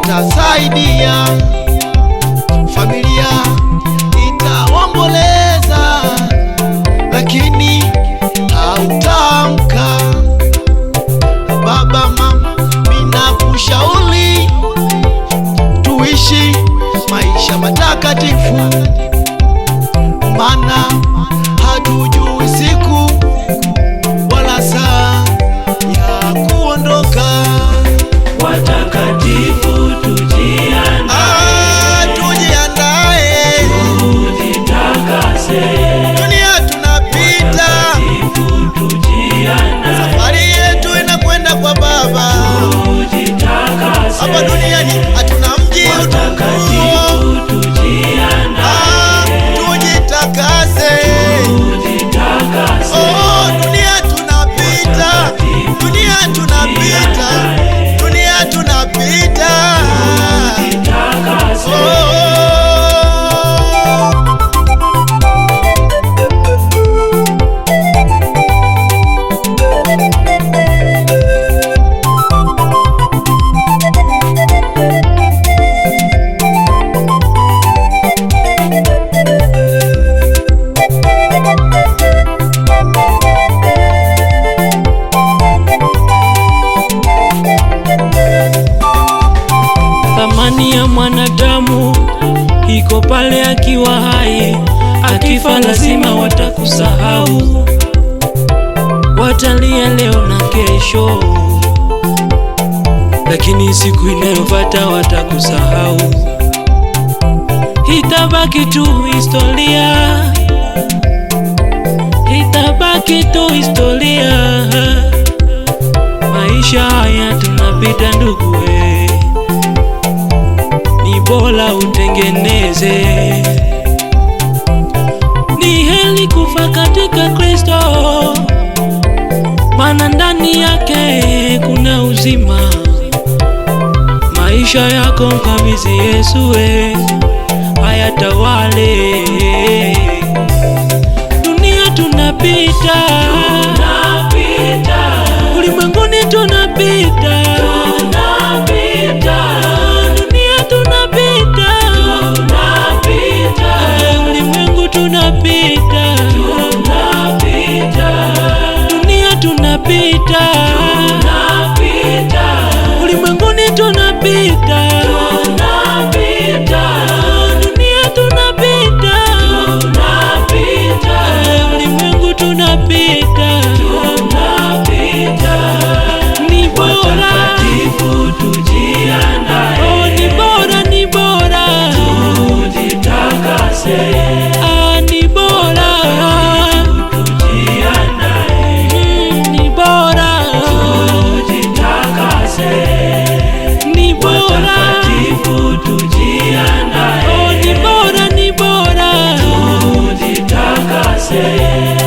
atasaidia. Yeah. pale akiwa hai, akifa lazima watakusahau, watalia leo na kesho, lakini siku inayofuata watakusahau, itabaki tu historia, itabaki tu historia. Maisha haya tunapita ndugu bora utengeneze Ni heri kufa katika Kristo, maana ndani yake kuna uzima. Maisha yako mkabidhi Yesu, we Yeah.